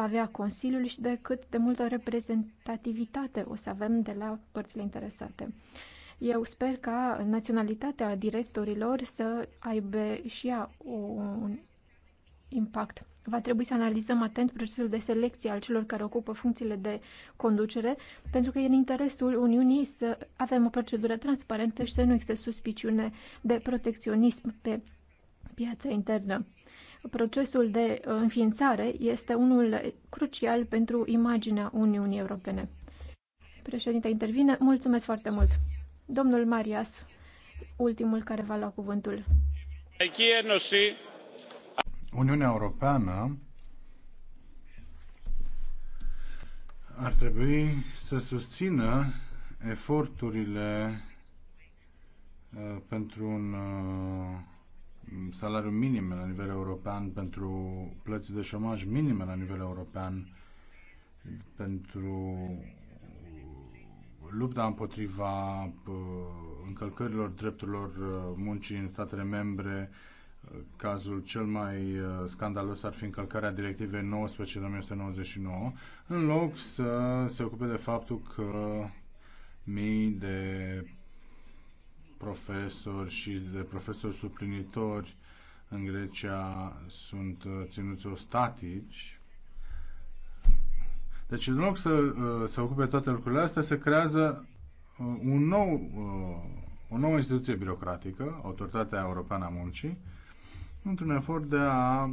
avea Consiliul și de cât de multă reprezentativitate o să avem de la părțile interesate. Eu sper ca naționalitatea directorilor să aibă și ea un impact. Va trebui să analizăm atent procesul de selecție al celor care ocupă funcțiile de conducere, pentru că e în interesul Uniunii să avem o procedură transparentă și să nu existe suspiciune de protecționism pe piața internă procesul de uh, înființare este unul crucial pentru imaginea Uniunii Europene. Președinte intervine. Mulțumesc foarte mult. Domnul Marias, ultimul care va lua cuvântul. Uniunea Europeană ar trebui să susțină eforturile uh, pentru un uh, salariu minim la nivel european, pentru plăți de șomaj minime la nivel european, pentru lupta împotriva încălcărilor drepturilor uh, muncii în statele membre. Cazul cel mai uh, scandalos ar fi încălcarea directivei 1999, în loc să se ocupe de faptul că mii de profesori și de profesori suplinitori în Grecia sunt uh, ținuți ostatici. Deci în loc să uh, se ocupe toate lucrurile astea, se creează uh, un nou, o nouă instituție birocratică, Autoritatea Europeană a Muncii, într-un efort de a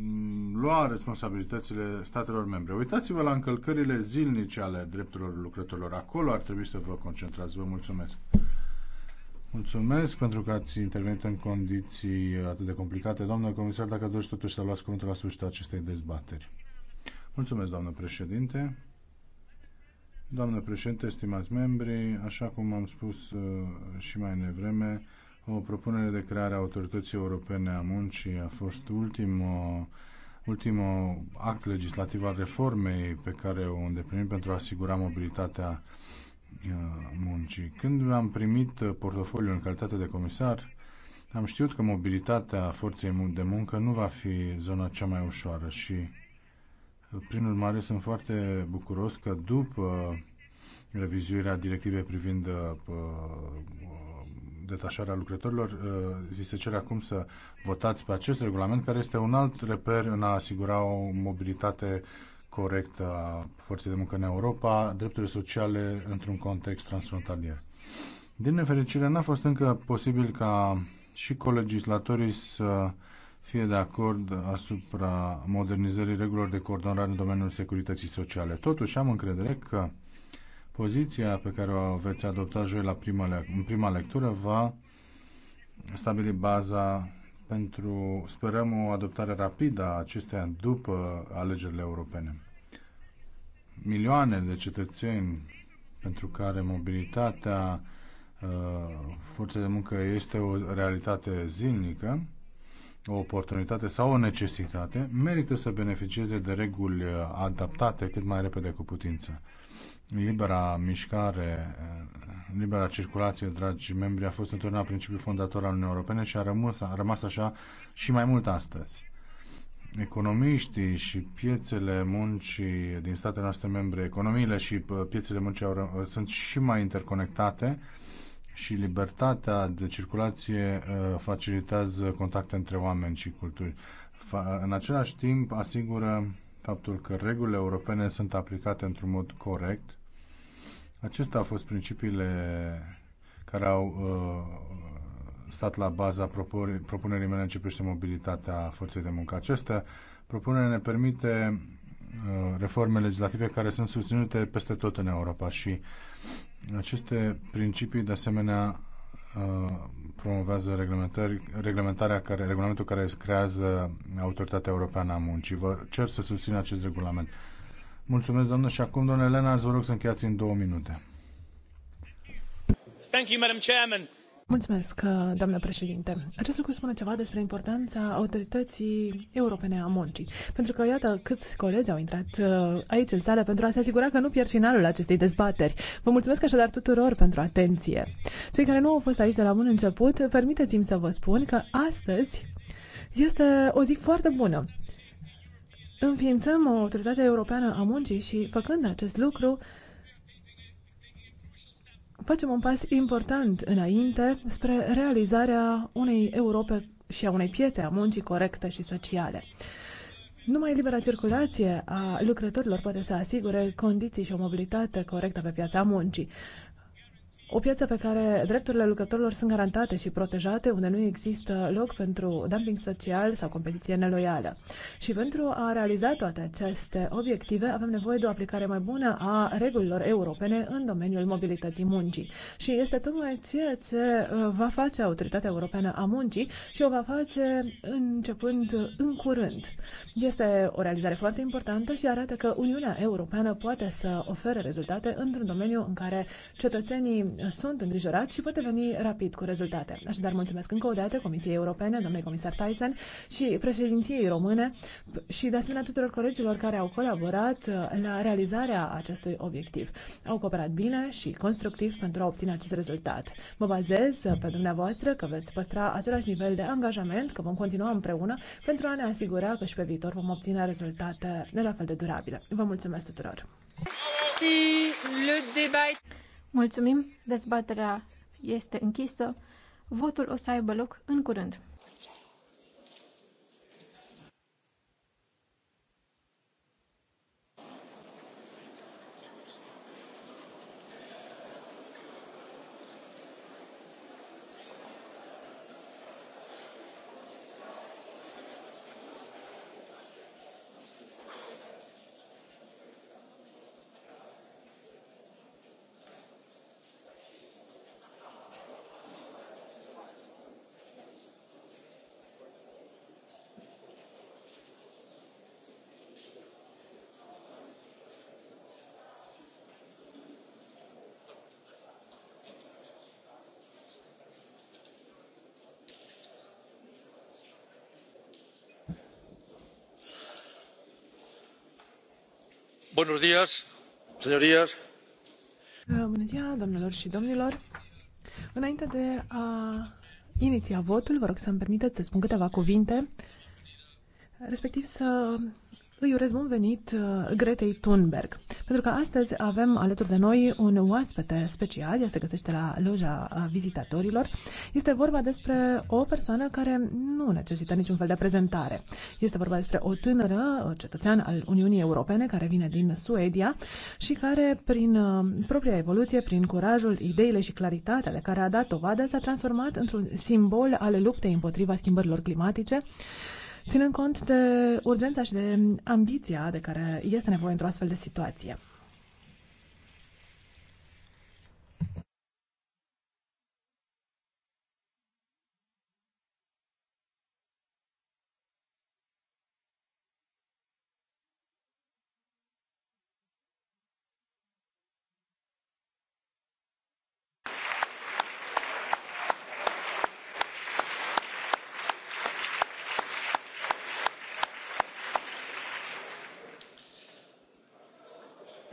mm, lua responsabilitățile statelor membre. Uitați-vă la încălcările zilnice ale drepturilor lucrătorilor. Acolo ar trebui să vă concentrați. Vă mulțumesc. Mulțumesc pentru că ați intervenit în condiții atât de complicate. Doamnă comisar, dacă doriți totuși să luați cuvântul la sfârșitul acestei dezbateri. Mulțumesc, doamnă președinte. Doamnă președinte, stimați membri, așa cum am spus uh, și mai devreme, o propunere de creare a Autorității Europene a Muncii a fost ultimul, ultimul act legislativ al reformei pe care o îndeplinim pentru a asigura mobilitatea Uh, muncii. Când am primit uh, portofoliul în calitate de comisar, am știut că mobilitatea forței de muncă nu va fi zona cea mai ușoară și, uh, prin urmare, sunt foarte bucuros că după revizuirea directivei privind detașarea lucrătorilor, vi se cere acum să votați pe acest regulament, care este un alt reper în a asigura o mobilitate corect a forței de muncă în Europa, drepturile sociale într-un context transfrontalier. Din nefericire, n-a fost încă posibil ca și colegislatorii să fie de acord asupra modernizării regulilor de coordonare în domeniul securității sociale. Totuși, am încredere că poziția pe care o veți adopta joi la prima, în prima lectură va stabili baza pentru, sperăm, o adoptare rapidă a acesteia după alegerile europene milioane de cetățeni pentru care mobilitatea uh, forței de muncă este o realitate zilnică, o oportunitate sau o necesitate, merită să beneficieze de reguli uh, adaptate cât mai repede cu putință. Libera mișcare, uh, libera circulație, dragi membri, a fost întotdeauna principiul fondator al Uniunii Europene și a rămas, a rămas așa și mai mult astăzi economiștii și piețele muncii din statele noastre membre, economiile și uh, piețele muncii au, uh, sunt și mai interconectate și libertatea de circulație uh, facilitează contacte între oameni și culturi. În același timp, asigură faptul că regulile europene sunt aplicate într-un mod corect. Acestea au fost principiile care au uh, stat la baza propunerii mele în ce privește mobilitatea forței de muncă. Acestea propunerea ne permite uh, reforme legislative care sunt susținute peste tot în Europa și aceste principii de asemenea uh, promovează reglementarea care, regulamentul care creează Autoritatea Europeană a Muncii. Vă cer să susțin acest regulament. Mulțumesc, doamnă, și acum, doamnă Elena, vă rog să încheiați în două minute. Thank you, Madam Chairman. Mulțumesc, uh, doamnă președinte. Acest lucru spune ceva despre importanța autorității europene a muncii. Pentru că, iată, câți colegi au intrat uh, aici în sală pentru a se asigura că nu pierd finalul acestei dezbateri. Vă mulțumesc așadar tuturor pentru atenție. Cei care nu au fost aici de la bun început, permiteți-mi să vă spun că astăzi este o zi foarte bună. Înființăm o autoritate europeană a muncii și, făcând acest lucru, facem un pas important înainte spre realizarea unei Europe și a unei piețe a muncii corecte și sociale. Numai libera circulație a lucrătorilor poate să asigure condiții și o mobilitate corectă pe piața muncii o piață pe care drepturile lucrătorilor sunt garantate și protejate, unde nu există loc pentru dumping social sau competiție neloială. Și pentru a realiza toate aceste obiective, avem nevoie de o aplicare mai bună a regulilor europene în domeniul mobilității muncii. Și este tocmai ceea ce uh, va face Autoritatea Europeană a Muncii și o va face începând în curând. Este o realizare foarte importantă și arată că Uniunea Europeană poate să ofere rezultate într-un domeniu în care cetățenii sunt îngrijorat și poate veni rapid cu rezultate. Așadar, mulțumesc încă o dată Comisiei Europene, domnului comisar Tyson și președinției române și de asemenea tuturor colegilor care au colaborat uh, la realizarea acestui obiectiv. Au cooperat bine și constructiv pentru a obține acest rezultat. Mă bazez uh, pe dumneavoastră că veți păstra același nivel de angajament, că vom continua împreună pentru a ne asigura că și pe viitor vom obține rezultate de la fel de durabile. Vă mulțumesc tuturor! Si Le débat Mulțumim, dezbaterea este închisă. Votul o să aibă loc în curând. Eh, bună ziua, domnilor și domnilor. Înainte de a iniția votul, vă rog să îmi permiteți să spun câteva cuvinte, respectiv să îi urez bun venit eh, Gretei Thunberg. Pentru că astăzi avem alături de noi un oaspete special, el se găsește la loja vizitatorilor. Este vorba despre o persoană care nu necesită niciun fel de prezentare. Este vorba despre o tânără cetățean al Uniunii Europene care vine din Suedia și care, prin uh, propria evoluție, prin curajul, ideile și claritatea de care a dat o vadă, s-a transformat într-un simbol ale luptei împotriva schimbărilor climatice ținând cont de urgența și de ambiția de care este nevoie într-o astfel de situație.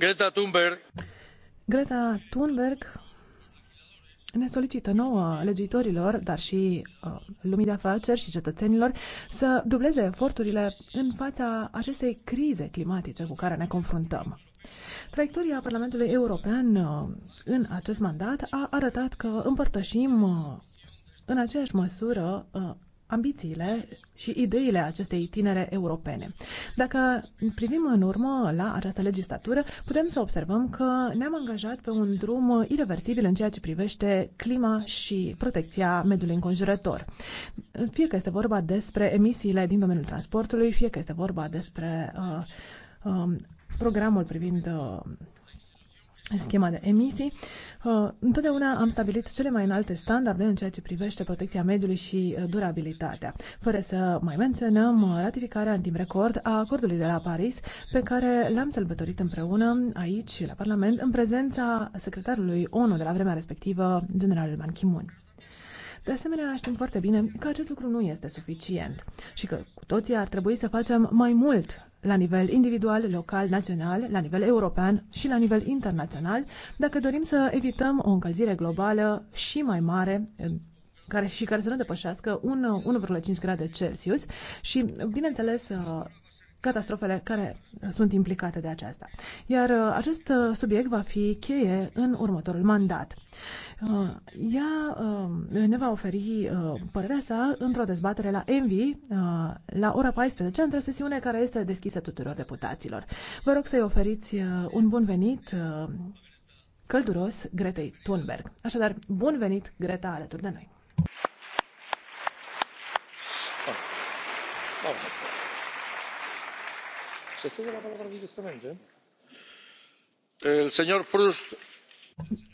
Greta Thunberg. Greta Thunberg ne solicită nouă legiuitorilor, dar și uh, lumii de afaceri și cetățenilor să dubleze eforturile în fața acestei crize climatice cu care ne confruntăm. Traiectoria Parlamentului European uh, în acest mandat a arătat că împărtășim uh, în aceeași măsură uh, ambițiile și ideile acestei tinere europene. Dacă privim în urmă la această legislatură, putem să observăm că ne-am angajat pe un drum irreversibil în ceea ce privește clima și protecția mediului înconjurător. Fie că este vorba despre emisiile din domeniul transportului, fie că este vorba despre uh, uh, programul privind uh, schema de emisii, uh, întotdeauna am stabilit cele mai înalte standarde în ceea ce privește protecția mediului și uh, durabilitatea, fără să mai menționăm uh, ratificarea în timp record a acordului de la Paris, pe care l-am sărbătorit împreună aici, la Parlament, în prezența secretarului ONU de la vremea respectivă, generalul Ban Ki-moon. De asemenea, știm foarte bine că acest lucru nu este suficient și că cu toții ar trebui să facem mai mult la nivel individual, local, național, la nivel european și la nivel internațional, dacă dorim să evităm o încălzire globală și mai mare eh, care, și care să nu depășească 1,5 eh, grade Celsius și, bineînțeles, catastrofele care sunt implicate de aceasta. Iar uh, acest uh, subiect va fi cheie în următorul mandat. Uh, ea ne va oferi părerea sa într-o dezbatere la Envi la ora 14, într-o sesiune care este deschisă tuturor deputaților. Vă rog să-i oferiți un bun venit călduros Gretei Thunberg. Așadar, bun venit, Greta, alături de noi!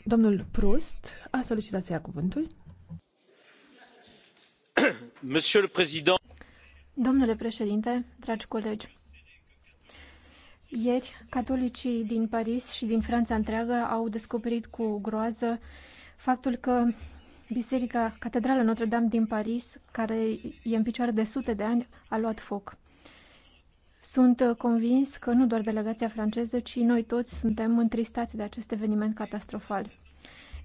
domnul proust a solicitat să ia cuvântul. domnule președinte dragi colegi ieri catolicii din paris și din franța întreagă au descoperit cu groază faptul că biserica catedrala notre dame din paris care e în picioare de sute de ani a luat foc. Sunt convins că nu doar delegația franceză, ci noi toți suntem întristați de acest eveniment catastrofal.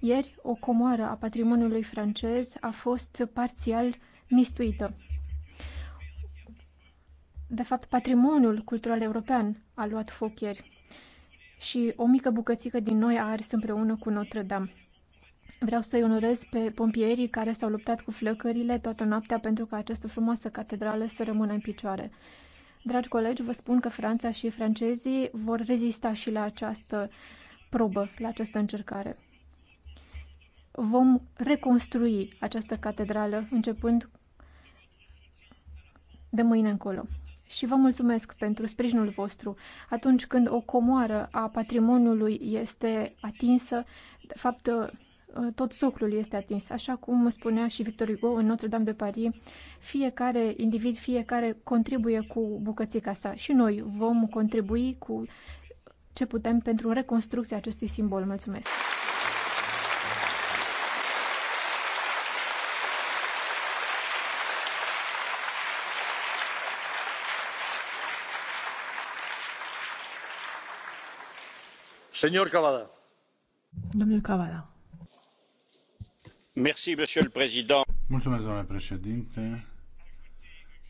Ieri, o comoară a patrimoniului francez a fost parțial mistuită. De fapt, patrimoniul cultural european a luat foc ieri și o mică bucățică din noi a ars împreună cu Notre-Dame. Vreau să-i onorez pe pompierii care s-au luptat cu flăcările toată noaptea pentru ca această frumoasă catedrală să rămână în picioare. Dragi colegi, vă spun că Franța și francezii vor rezista și la această probă, la această încercare. Vom reconstrui această catedrală începând de mâine încolo. Și vă mulțumesc pentru sprijinul vostru. Atunci când o comoară a patrimoniului este atinsă, de fapt, Uh, tot soclul este atins. Așa cum spunea și Victor Hugo în Notre-Dame de Paris, fiecare individ, fiecare contribuie cu bucățica sa și noi vom contribui cu ce putem pentru reconstrucția acestui simbol. Mulțumesc! Señor Cavada. Domnul Cavada. Mulțumesc, domnule președinte.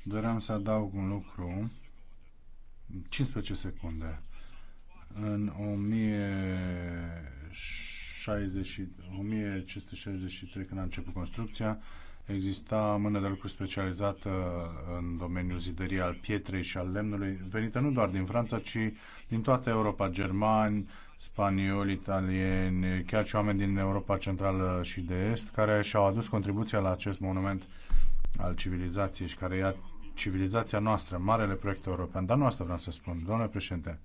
Doream să adaug un lucru. cincisprezece secunde. În și trei când a început construcția, exista mână de lucru specializată în domeniul zidării al pietrei și al lemnului, venită nu doar din Franța, ci din toată Europa, germani, spanioli, italieni, chiar și oameni din Europa Centrală și de Est, care și-au adus contribuția la acest monument al civilizației și care ia civilizația noastră, marele proiect european, dar nu asta vreau să spun, domnule președinte.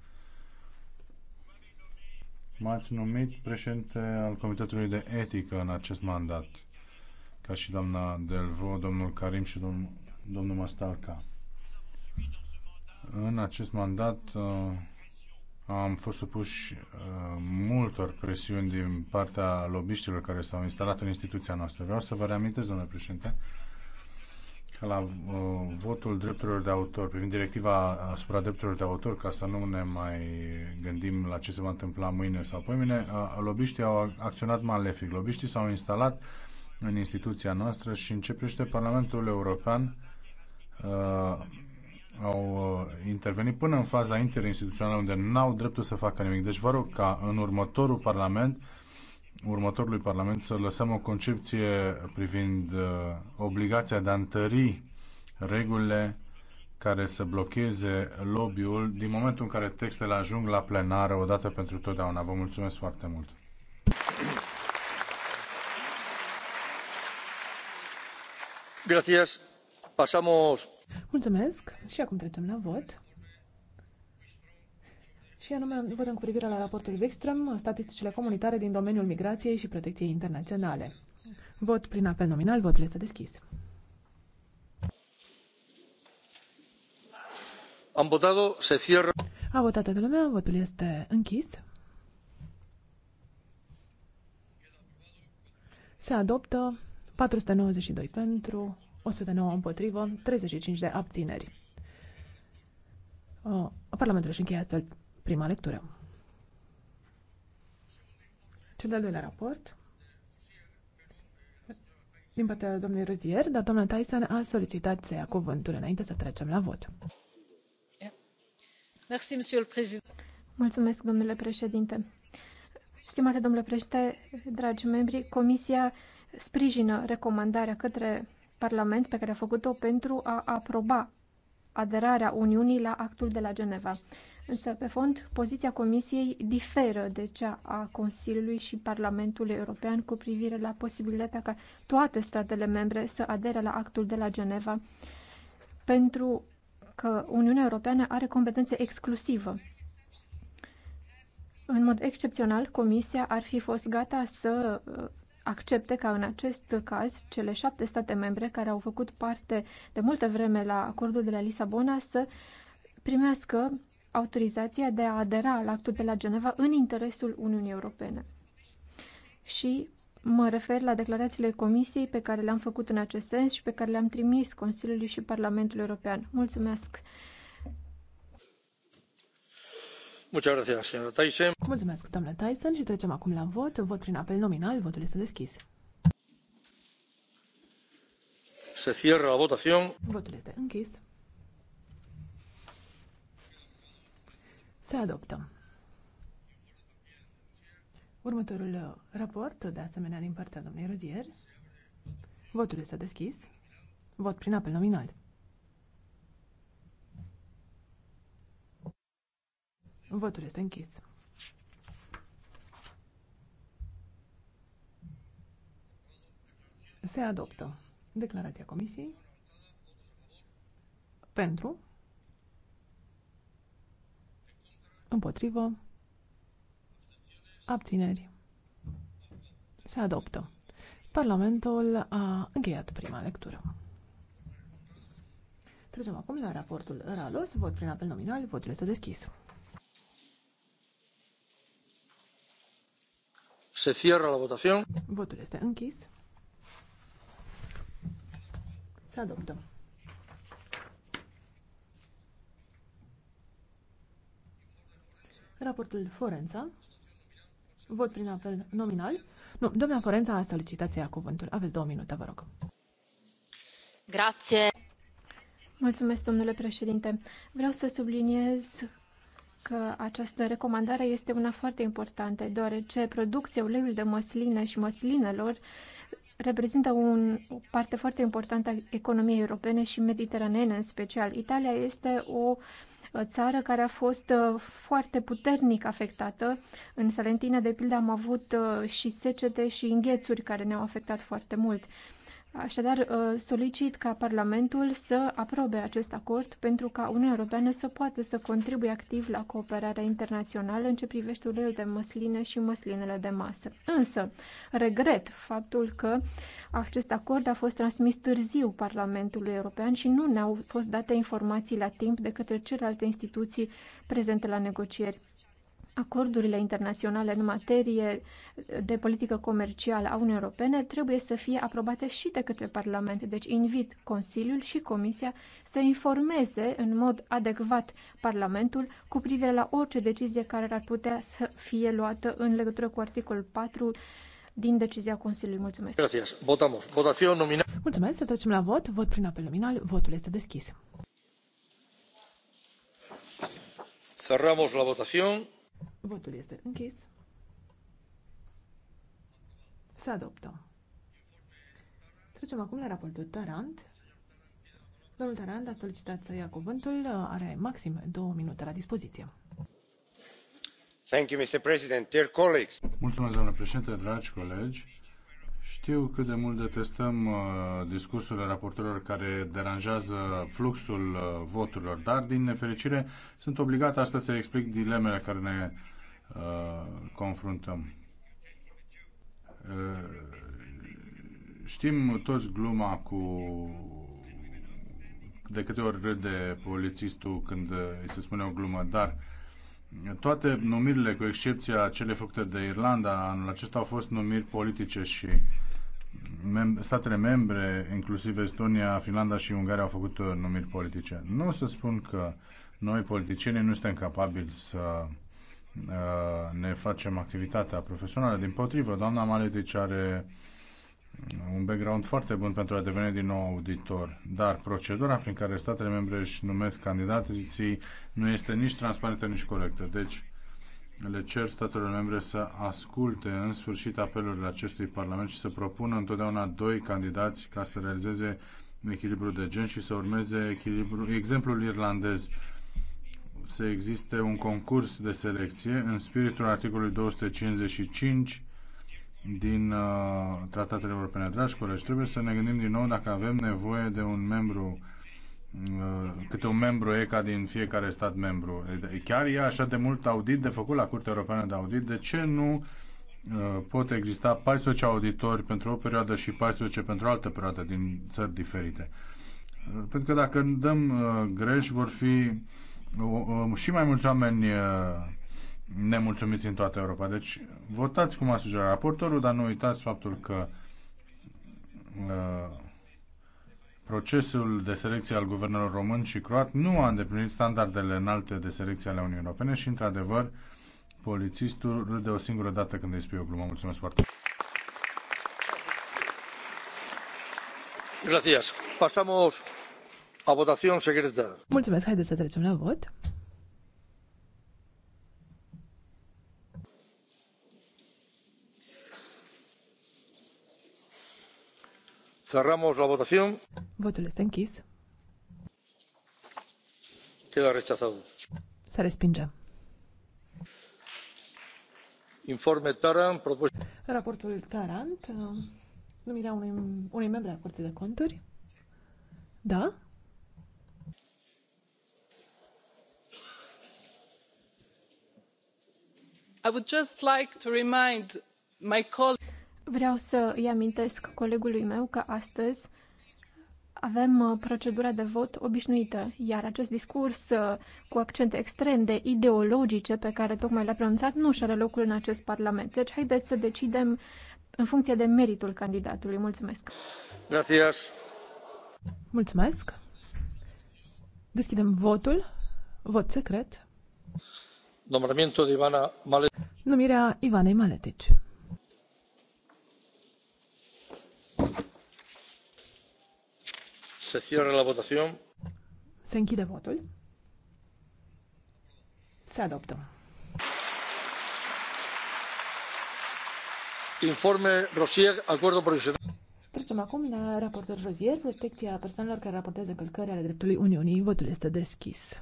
M-ați numit președinte al Comitetului de Etică în acest mandat, ca și doamna Delvo, domnul Karim și domnul, domnul Mastalca. În acest mandat uh, am fost supuși uh, multor presiuni din partea lobiștilor care s-au instalat în instituția noastră. Vreau să vă reamintesc, domnule președinte, că la uh, votul drepturilor de autor, privind directiva asupra drepturilor de autor, ca să nu ne mai gândim la ce se va întâmpla mâine sau poimine, uh, lobiștii au acționat malefic. Lobiștii s-au instalat în instituția noastră și începește Parlamentul European uh, au uh, intervenit până în faza interinstituțională unde n-au dreptul să facă nimic. Deci vă rog ca în următorul Parlament următorului Parlament să lăsăm o concepție privind uh, obligația de a întări regulile care să blocheze lobby-ul din momentul în care textele ajung la plenară o dată pentru totdeauna. Vă mulțumesc foarte mult! Gracias. Pasamos. Mulțumesc și acum trecem la vot. Și anume, votăm cu privire la raportul Wikström, statisticile comunitare din domeniul migrației și protecției internaționale. Vot prin apel nominal, votul este deschis. Am votat, se cierra. A votat toată lumea, votul este închis. Se adoptă 492 pentru, 109 împotrivă, 35 de abțineri. Uh, Parlamentul își încheie astfel prima lectură. Cel de-al doilea raport din partea domnului Rozier, dar doamna Tyson a solicitat să ia cuvântul înainte să trecem la vot. Mulțumesc, domnule președinte. Stimate domnule președinte, dragi membri, Comisia sprijină recomandarea către Parlament pe care a făcut-o pentru a aproba aderarea Uniunii la actul de la Geneva. Însă, pe fond, poziția Comisiei diferă de cea a Consiliului și Parlamentului European cu privire la posibilitatea ca toate statele membre să adere la actul de la Geneva, pentru că Uniunea Europeană are competențe exclusivă. În mod excepțional, Comisia ar fi fost gata să accepte ca în acest caz cele șapte state membre care au făcut parte de multă vreme la acordul de la Lisabona să primească autorizația de a adera la actul de la Geneva în interesul Uniunii Europene. Și mă refer la declarațiile Comisiei pe care le-am făcut în acest sens și pe care le-am trimis Consiliului și Parlamentului European. Mulțumesc! Mulțumesc, domnule Tyson, și trecem acum la vot. Vot prin apel nominal. Votul este deschis. Se cierra la votación. Votul este închis. Se adoptă. Următorul uh, raport, de asemenea din partea domnului Rozier. Votul este deschis. Vot prin apel nominal. Votul este închis. Se adoptă declarația Comisiei pentru, împotrivă, abțineri. Se adoptă. Parlamentul a încheiat prima lectură. Trecem acum la raportul RALOS, vot prin apel nominal, votul este deschis. Se cierra la votación. Votul este închis. Se adoptă. Raportul Forența. Vot prin apel nominal. Nu, doamna Forența a solicitat să ia cuvântul. Aveți două minute, vă rog. Grație. Mulțumesc, domnule președinte. Vreau să subliniez că această recomandare este una foarte importantă, deoarece producția uleiului de măsline și măslinelor reprezintă un, o parte foarte importantă a economiei europene și mediteranene în special. Italia este o uh, țară care a fost uh, foarte puternic afectată. În Salentina, de pildă, am avut uh, și secete și înghețuri care ne-au afectat foarte mult. Așadar, uh, solicit ca Parlamentul să aprobe acest acord pentru ca Uniunea Europeană să poată să contribuie activ la cooperarea internațională în ce privește uleiul de măsline și măslinele de masă. Însă, regret faptul că acest acord a fost transmis târziu Parlamentului European și nu ne-au fost date informații la timp de către celelalte instituții prezente la negocieri acordurile internaționale în materie de politică comercială a Uniunii Europene trebuie să fie aprobate și de către Parlament. Deci invit Consiliul și Comisia să informeze în mod adecvat Parlamentul cu privire la orice decizie care ar putea să fie luată în legătură cu articolul 4 din decizia Consiliului. Mulțumesc. Mulțumesc. Să trecem la vot. Vot prin apel nominal. Votul este deschis. Cerramos la votación. Votul este închis. Se adoptă. Trecem acum la raportul Tarant. Domnul Tarant a solicitat să ia cuvântul. Are maxim două minute la dispoziție. Thank you, Mr. President. Dear colleagues. Mulțumesc, domnule președinte, dragi colegi. Știu cât de mult detestăm uh, discursurile raportorilor care deranjează fluxul uh, voturilor, dar din nefericire sunt obligat astăzi să explic dilemele care ne Uh, confruntăm. Uh, știm toți gluma cu de câte ori râde polițistul când îi se spune o glumă, dar toate numirile, cu excepția cele făcute de Irlanda, anul acesta au fost numiri politice și mem- statele membre, inclusiv Estonia, Finlanda și Ungaria, au făcut numiri politice. Nu o să spun că noi, politicienii, nu suntem capabili să Uh, ne facem activitatea profesională. Din potrivă, doamna Maletici are un background foarte bun pentru a deveni din nou auditor, dar procedura prin care statele membre își numesc candidații nu este nici transparentă, nici corectă. Deci, le cer statelor membre să asculte în sfârșit apelurile acestui Parlament și să propună întotdeauna doi candidați ca să realizeze echilibru de gen și să urmeze echilibru, exemplul irlandez să existe un concurs de selecție în spiritul articolului 255 din uh, tratatele europene. Dragi colegi, trebuie să ne gândim din nou dacă avem nevoie de un membru uh, câte un membru ECA din fiecare stat membru. Chiar e așa de mult audit de făcut la Curtea Europeană de Audit, de ce nu uh, pot exista 14 auditori pentru o perioadă și 14 pentru altă perioadă din țări diferite? Uh, pentru că dacă dăm uh, greș, vor fi Um, și mai mulți oameni uh, nemulțumiți în toată Europa. Deci votați cum a sugerat raportorul, dar nu uitați faptul că uh, procesul de selecție al guvernelor român și croat nu a îndeplinit standardele înalte de selecție ale Uniunii Europene și, într-adevăr, polițistul râde o singură dată când îi spui o glumă. Mulțumesc foarte mult! Gracias. Pasamos a votațion secretă. Mulțumesc, haideți să trecem la vot. Cerramos la votación. Votul este închis. Queda rechazado. Se respinge. Informe Tarant, propus... Raportul Tarant, uh, numirea unui, unui membru al Curții de Conturi. Da? Vreau să îi amintesc colegului meu că astăzi avem uh, procedura de vot obișnuită, iar acest discurs uh, cu accente extrem de ideologice pe care tocmai l-a pronunțat nu și are locul în acest Parlament. Deci haideți să decidem în funcție de meritul candidatului. Mulțumesc! Gracias. Mulțumesc! Deschidem votul. Vot secret. Numirea Ivanei Maletici. Se cierra la votación. Se închide votul. Se adoptă. Informe Rosier, acord provisional. Trecem acum la raportul Rosier, protecția persoanelor care raportează încălcări ale dreptului Uniunii. Votul este deschis.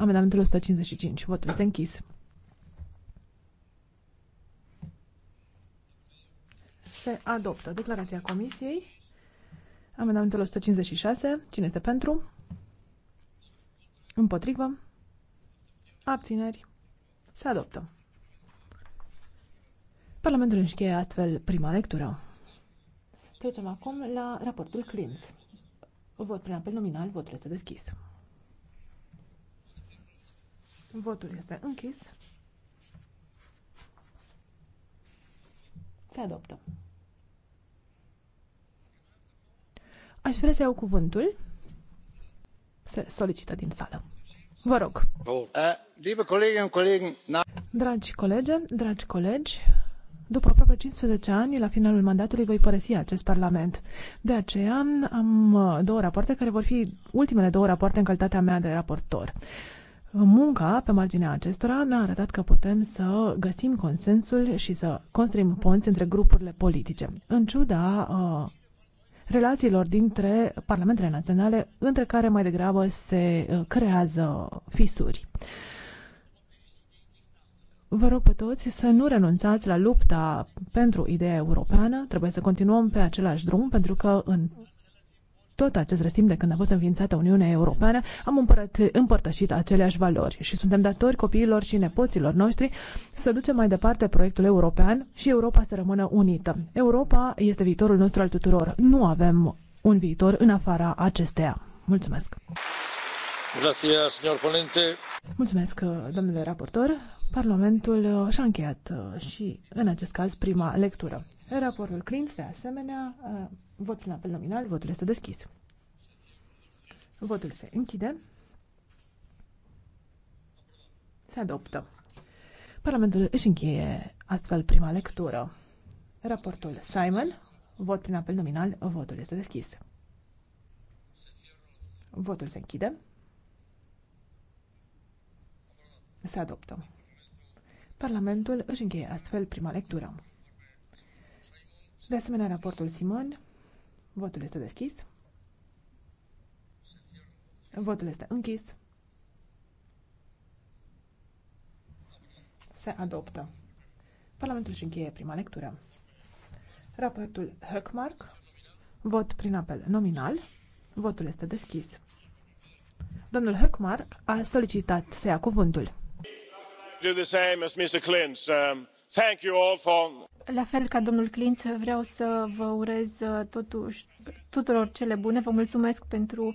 Amendamentul 155. Votul este închis. Se adoptă declarația Comisiei. Amendamentul 156. Cine este pentru? Împotrivă? Abțineri? Se adoptă. Parlamentul încheie astfel prima lectură. Trecem acum la raportul Clint. Vot prin apel nominal, votul este deschis. Votul este închis. Se adoptă. Aș vrea să iau cuvântul. Se solicită din sală. Vă rog. Uh, dragi colegi, dragi colegi, după aproape 15 ani, la finalul mandatului, voi părăsi acest Parlament. De aceea am uh, două rapoarte care vor fi ultimele două rapoarte în calitatea mea de raportor. Munca pe marginea acestora ne a arătat că putem să găsim consensul și să construim ponți între grupurile politice. În ciuda uh, relațiilor dintre parlamentele naționale, între care mai degrabă se uh, creează fisuri. Vă rog pe toți să nu renunțați la lupta pentru ideea europeană. Trebuie să continuăm pe același drum, pentru că în tot acest răstim de când a fost înființată Uniunea Europeană, am împărăt, împărtășit aceleași valori și suntem datori copiilor și nepoților noștri să ducem mai departe proiectul european și Europa să rămână unită. Europa este viitorul nostru al tuturor. Nu avem un viitor în afara acesteia. Mulțumesc! Gracias, señor ponente. Mulțumesc, domnule raportor. Parlamentul și-a încheiat uh, și, în acest caz, prima lectură. Raportul Clint, de asemenea, uh, Votul în apel nominal, votul este deschis. Votul se închide. Se adoptă. Parlamentul își încheie astfel prima lectură. Raportul Simon, vot prin apel nominal, votul este deschis. Votul se închide. Se adoptă. Parlamentul își încheie astfel prima lectură. De asemenea, raportul Simon, Votul este deschis. Votul este închis. Se adoptă. Parlamentul își încheie prima lectură. Raportul Höckmark. Vot prin apel nominal. Votul este deschis. Domnul Höckmark a solicitat să ia cuvântul. Do the same as Mr. Clint. Um... La fel ca domnul Clint, vreau să vă urez uh, totuși tuturor cele bune. Vă mulțumesc pentru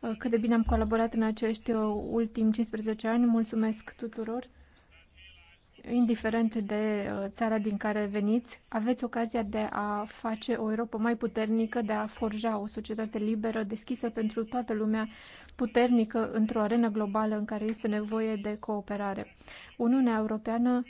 uh, cât de bine am colaborat în acești uh, ultimi 15 ani. Mulțumesc tuturor indiferent de țara din care veniți, aveți ocazia de a face o Europa mai puternică, de a forja o societate liberă, deschisă pentru toată lumea, puternică într-o arenă globală în care este nevoie de cooperare. Uniunea Europeană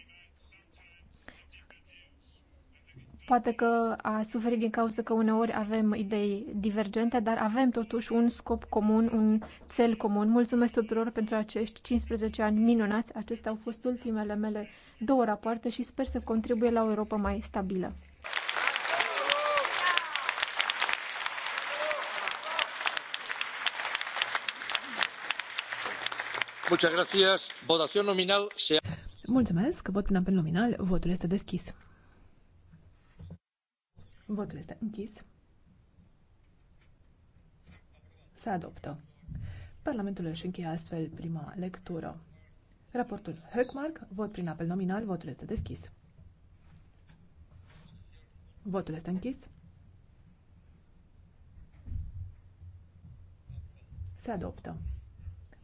Poate că a suferit din cauza că uneori avem idei divergente, dar avem totuși un scop comun, un cel comun. Mulțumesc tuturor pentru acești 15 ani minunați. Acestea au fost ultimele mele două rapoarte și sper să contribuie la o Europa mai stabilă. Mulțumesc. Vot prin apel nominal. Votul este deschis. Votul este închis. Se adoptă. Parlamentul își încheie astfel prima lectură. Raportul Höckmark, vot prin apel nominal, votul este deschis. Votul este închis. Se adoptă.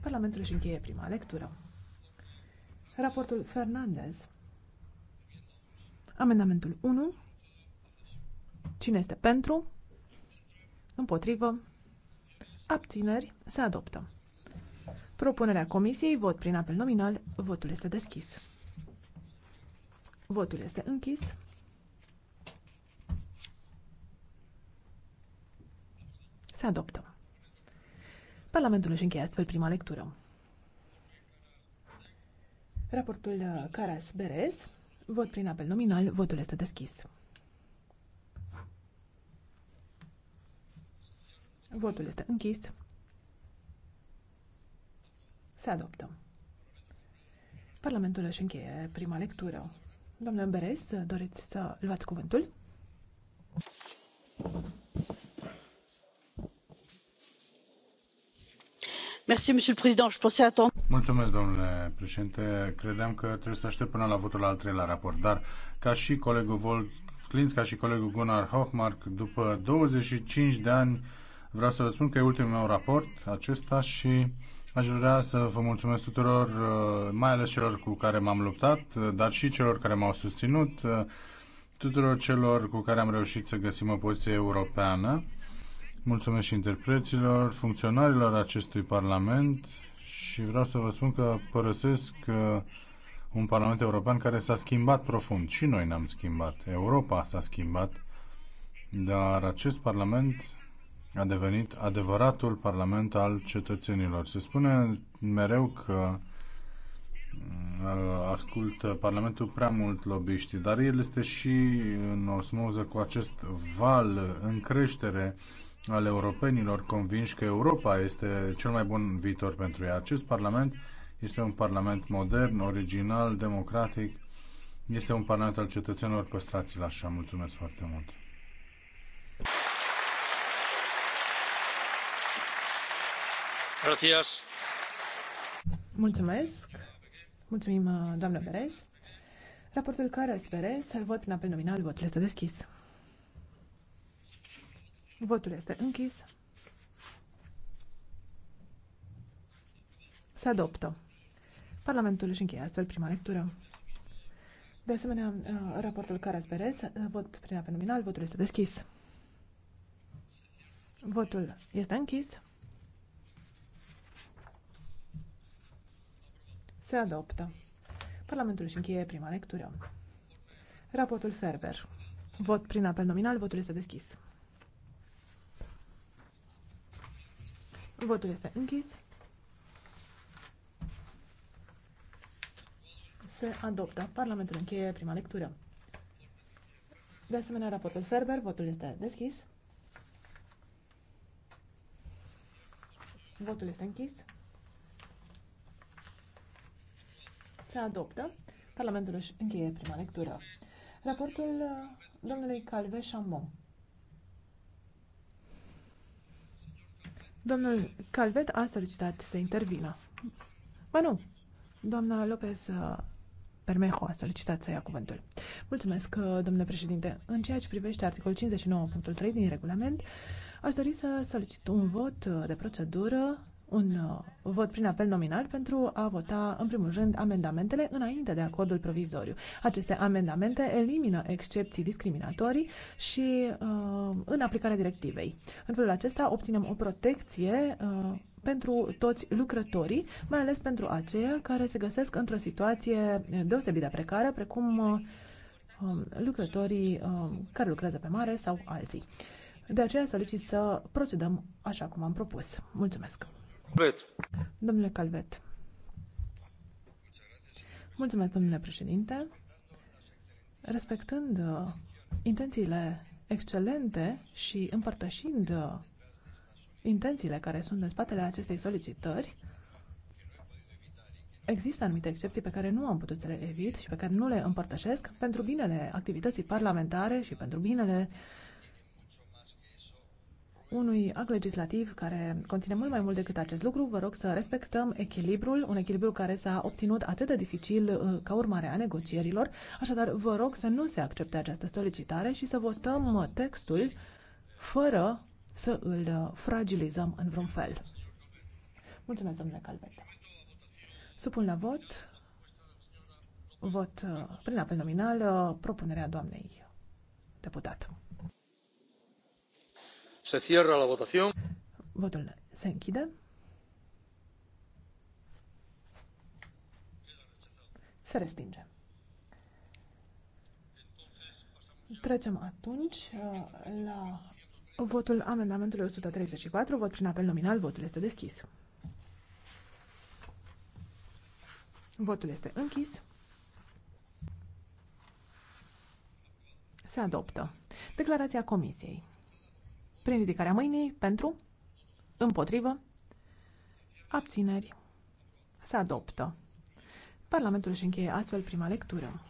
Parlamentul își încheie prima lectură. Raportul Fernandez. Amendamentul 1. Cine este pentru? Împotrivă? Abțineri? Se adoptă. Propunerea comisiei, vot prin apel nominal, votul este deschis. Votul este închis. Se adoptă. Parlamentul își încheie astfel prima lectură. Raportul Caras-Berez, vot prin apel nominal, votul este deschis. Votul este închis. Se adoptă. Parlamentul își încheie prima lectură. Domnule Beres, doriți să luați cuvântul? Mulțumesc, domnule președinte. Credeam că trebuie să aștept până la votul al treilea raport, dar ca și colegul Volt Klins, ca și colegul Gunnar Hochmark, după 25 de ani Vreau să vă spun că e ultimul meu raport acesta și aș vrea să vă mulțumesc tuturor, uh, mai ales celor cu care m-am luptat, uh, dar și celor care m-au susținut, uh, tuturor celor cu care am reușit să găsim o poziție europeană. Mulțumesc și interpreților, funcționarilor acestui Parlament și vreau să vă spun că părăsesc un Parlament European care s-a schimbat profund. Și noi ne-am schimbat, Europa s-a schimbat, dar acest Parlament a devenit adevăratul parlament al cetățenilor. Se spune mereu că mm, ascultă Parlamentul prea mult lobbyști, dar el este și în osmoză cu acest val în creștere al europenilor convinși că Europa este cel mai bun viitor pentru ei. Acest Parlament este un Parlament modern, original, democratic. Este un Parlament al cetățenilor păstrați-l așa. Mulțumesc foarte mult! Mulțumesc. Mulțumim, uh, doamnă Berez. Raportul Caras Berez, îl vot prin apel nominal, votul este deschis. Votul este închis. Se adoptă. Parlamentul își încheie astfel prima lectură. De asemenea, uh, raportul Caras Berez, uh, vot prin apel nominal, votul este deschis. Votul este închis. Se adoptă. Parlamentul își încheie prima lectură. Raportul Ferber. Vot prin apel nominal. Votul este deschis. Votul este închis. Se adoptă. Parlamentul încheie prima lectură. De asemenea, raportul Ferber, votul este deschis. Votul este închis. Se adoptă. Parlamentul își încheie prima lectură. Raportul uh, domnului Calve Chambon. Domnul Calvet a solicitat să intervină. Ba nu, doamna Lopez uh, Bermejo a solicitat să ia cuvântul. Mulțumesc, uh, domnule președinte. În ceea ce privește articolul 59.3 din regulament, aș dori să solicit un vot de procedură un uh, vot prin apel nominal pentru a vota, în primul rând, amendamentele înainte de acordul provizoriu. Aceste amendamente elimină excepții discriminatorii și uh, în aplicarea directivei. În felul acesta obținem o protecție uh, pentru toți lucrătorii, mai ales pentru aceia care se găsesc într-o situație deosebit de precară, precum uh, um, lucrătorii uh, care lucrează pe mare sau alții. De aceea solicit să procedăm așa cum am propus. Mulțumesc! Domnule Calvet. Mulțumesc, domnule președinte. Respectând uh, intențiile excelente și împărtășind uh, intențiile care sunt în spatele acestei solicitări, Există anumite excepții pe care nu am putut să le evit și pe care nu le împărtășesc pentru binele activității parlamentare și pentru binele uh, unui act legislativ care conține mult mai mult decât acest lucru, vă rog să respectăm echilibrul, un echilibru care s-a obținut atât de dificil uh, ca urmare a negocierilor. Așadar, vă rog să nu se accepte această solicitare și să votăm textul fără să îl uh, fragilizăm în vreun fel. Mulțumesc, domnule Calvet. Supun la vot, vot uh, prin apel nominal, propunerea doamnei deputat. Se cierra la votación. Votul se închide. Se respinge. Trecem atunci uh, la votul amendamentului 134, vot prin apel nominal, votul este deschis. Votul este închis. Se adoptă. Declarația Comisiei prin ridicarea mâinii, pentru, împotrivă, abțineri, se adoptă. Parlamentul își încheie astfel prima lectură.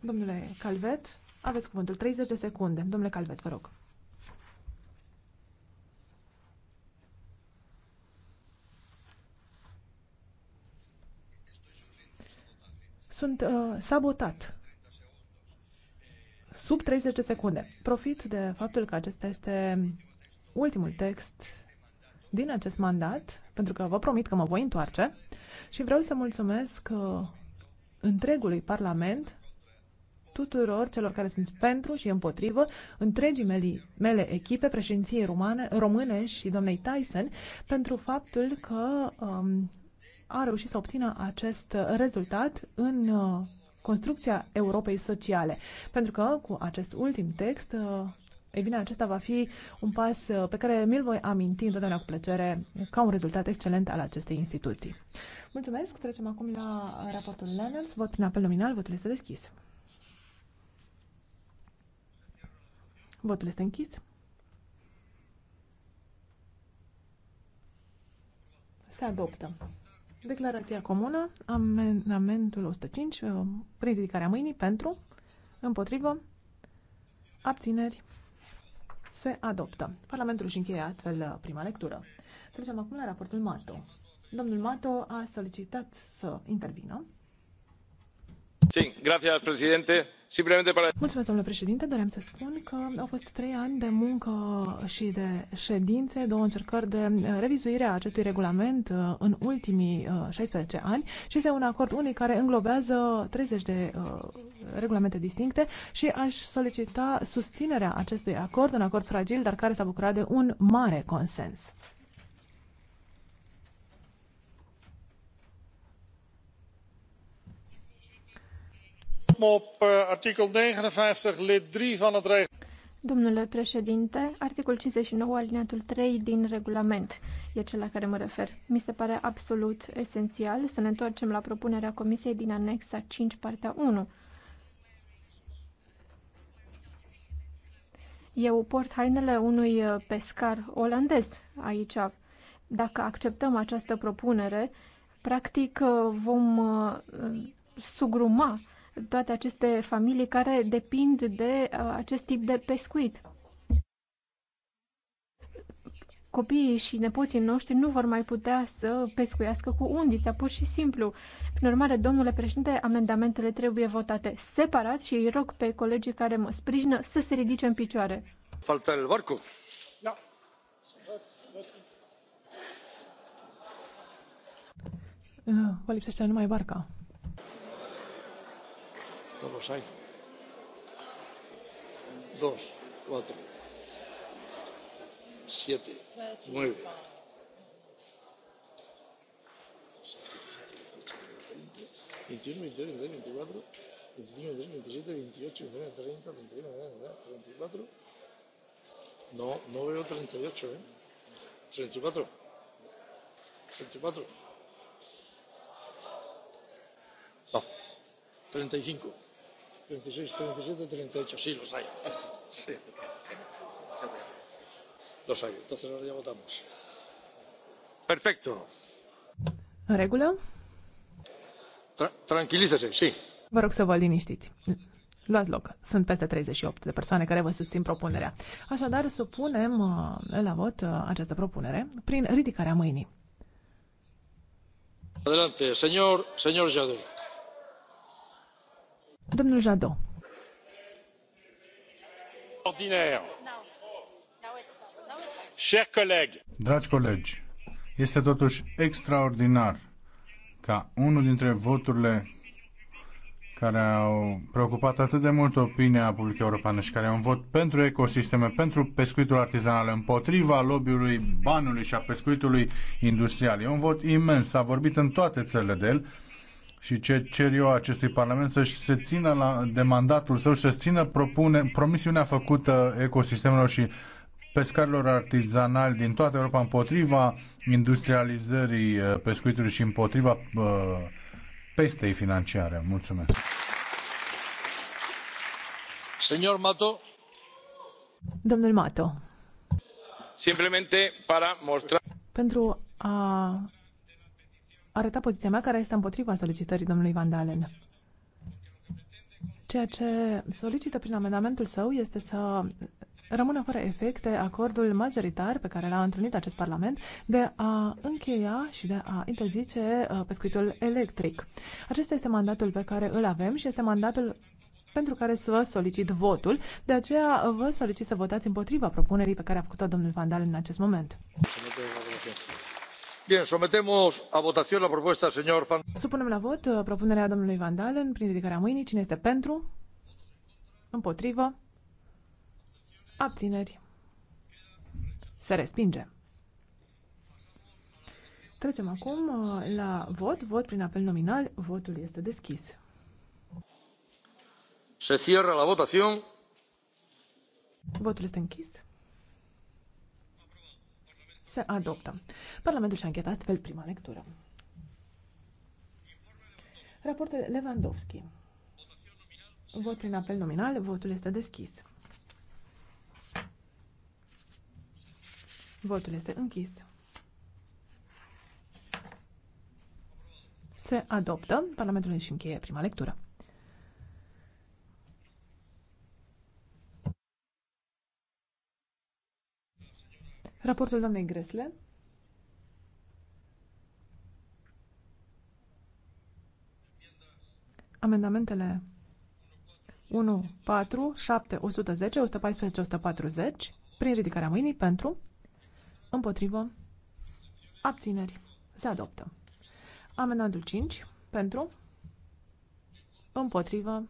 Domnule Calvet, aveți cuvântul 30 de secunde. Domnule Calvet, vă rog. Sunt uh, sabotat sub 30 de secunde. Profit de faptul că acesta este ultimul text din acest mandat, pentru că vă promit că mă voi întoarce și vreau să mulțumesc uh, întregului Parlament, tuturor celor care sunt pentru și împotrivă, întregii mele, mele echipe, președinției romane, române și domnei Tyson, pentru faptul că um, a reușit să obțină acest rezultat în uh, construcția Europei sociale. Pentru că cu acest ultim text uh, e bine, acesta va fi un pas uh, pe care mi-l voi aminti întotdeauna cu plăcere ca un rezultat excelent al acestei instituții. Mulțumesc. Trecem acum la raportul Lennels. Vot prin apel nominal. Votul este deschis. Votul este închis. Se adoptă. Declarația comună, amendamentul 105, uh, ridicarea mâinii pentru, împotrivă, abțineri, se adoptă. Parlamentul își încheie astfel uh, prima lectură. Trecem acum la raportul Mato. Domnul Mato a solicitat să intervină. Sí, gracias, presidente. Mulțumesc, domnule președinte. Doream să spun că au fost trei ani de muncă și de ședințe, două încercări de uh, revizuire a acestui regulament uh, în ultimii 16 uh, ani și este un acord unic care înglobează 30 de regulamente distincte și aș solicita susținerea acestui acord, un acord fragil, dar care s-a bucurat de un mare consens. Eh, Domnule președinte, articolul 59, alineatul 3 din regulament e cel la care mă refer. Mi se pare absolut esențial să ne întoarcem la propunerea Comisiei din anexa 5, partea 1. Eu port hainele unui eh, pescar olandez aici. Dacă acceptăm această propunere, practic eh, vom sugruma toate aceste familii care depind de uh, acest tip de pescuit. Copiii și nepoții noștri nu vor mai putea să pescuiască cu undița, pur și simplu. Prin urmare, domnule președinte, amendamentele trebuie votate separat și îi rog pe colegii care mă sprijină să se ridice în picioare. Falta el da. Vă lipsește numai barca no los hay. Dos, cuatro, siete, nueve. veintiuno, veintidós, veintitrés, veinticuatro, veinticinco, veintiséis, veintisiete, veintiocho, veintinueve, treinta, treinta y uno, treinta y cuatro. No, no veo treinta y ocho, ¿eh? Treinta y cuatro. Treinta y cuatro. No. Treinta y cinco. 36, 37, 38. În regulă? Tranquilizați, sí. Vă rog să vă liniștiți. Luați loc. Sunt peste 38 de persoane care vă susțin propunerea. Așadar, supunem uh, la vot uh, această propunere prin ridicarea mâinii. Adelante, señor, señor Jadot. Domnul Jadot. Dragi colegi, este totuși extraordinar ca unul dintre voturile care au preocupat atât de mult opinia publică europeană și care e un vot pentru ecosisteme, pentru pescuitul artizanal, împotriva lobby-ului banului și a pescuitului industrial. E un vot imens, s-a vorbit în toate țările de el și ce cer eu acestui Parlament să se țină la, de mandatul său și să țină propune, promisiunea făcută ecosistemelor și pescarilor artizanali din toată Europa împotriva industrializării uh, pescuitului și împotriva uh, pestei financiare. Mulțumesc. Señor Mato. Domnul Mato. Simplemente para mostrar... Pentru a arăta poziția mea care este împotriva solicitării domnului Van Dalen. Ceea ce solicită prin amendamentul său este să rămână fără efecte acordul majoritar pe care l-a întrunit acest Parlament de a încheia și de a interzice uh, pescuitul electric. Acesta este mandatul pe care îl avem și este mandatul pentru care să vă solicit votul. De aceea vă solicit să votați împotriva propunerii pe care a făcut-o domnul Vandal în acest moment. Supunem la vot uh, propunerea domnului Van Dalen prin ridicarea mâinii. Cine este pentru? Împotrivă? Abțineri? Se respinge. Trecem acum uh, la vot. Vot prin apel nominal. Votul este deschis. Se cierra la votación. Votul este închis. Se adoptă. Parlamentul și-a încheiat astfel prima lectură. Raportul Lewandowski. Vot prin apel nominal. Votul este deschis. Votul este închis. Se adoptă. Parlamentul își încheie prima lectură. Raportul doamnei Gresle. Amendamentele 1, 4, 7, 110, 114, 140, prin ridicarea mâinii, pentru, împotrivă, abțineri, se adoptă. Amendamentul 5, pentru, împotrivă,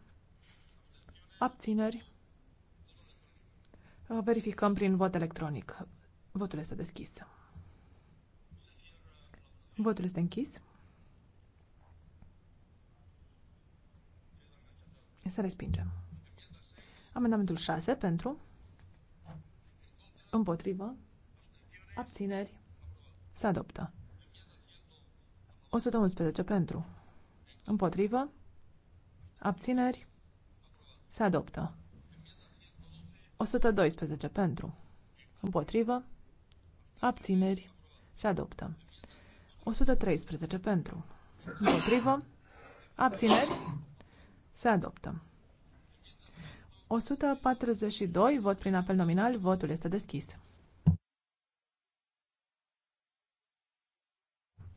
abțineri, verificăm prin vot electronic. Votul este deschis. Votul este închis. Să respingem. Amendamentul 6 pentru. Împotrivă. Abțineri. Se adoptă. 111 pentru. Împotrivă. Abțineri. Se adoptă. 112 pentru. Împotrivă abțineri, se adoptă. 113 pentru, împotrivă, abțineri, se adoptă. 142, vot prin apel nominal, votul este deschis.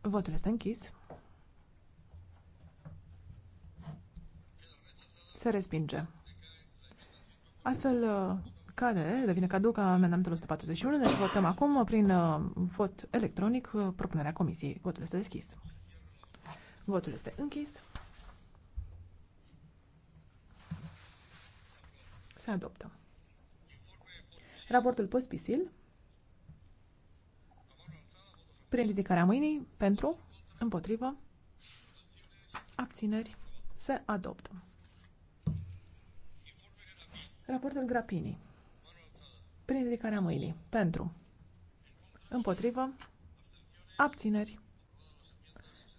Votul este închis. Se respinge. Astfel, uh, care devine caducă amendamentul 141, deci votăm acum prin uh, vot electronic uh, propunerea comisiei. Votul este deschis. Votul este închis. Se adoptă. Raportul pospisil. Prin ridicarea mâinii, pentru, împotrivă, abțineri, se adoptă. Raportul Grapinii prin ridicarea mâinii. Pentru. Împotrivă. Abțineri.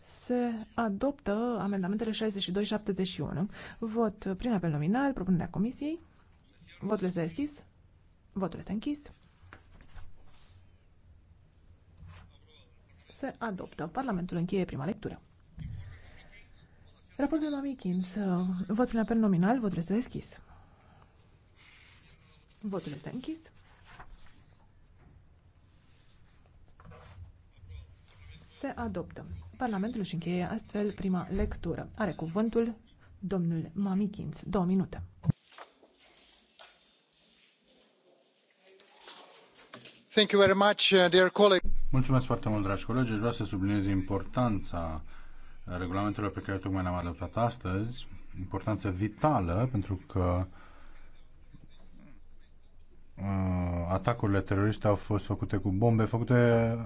Se adoptă amendamentele 62-71. Vot prin apel nominal, propunerea comisiei. Votul este deschis. Votul este închis. Se adoptă. Parlamentul încheie prima lectură. Raportul doamnei Vot prin apel nominal, votul este deschis. Votul este închis. Se adoptă. Parlamentul își încheie astfel prima lectură. Are cuvântul domnul Mamichinț. Două minute. Thank you very much, uh, dear colleague. Mulțumesc foarte mult, dragi colegi. Vreau să subliniez importanța regulamentelor pe care tocmai le-am adoptat astăzi, importanță vitală, pentru că Uh, atacurile teroriste au fost făcute cu bombe făcute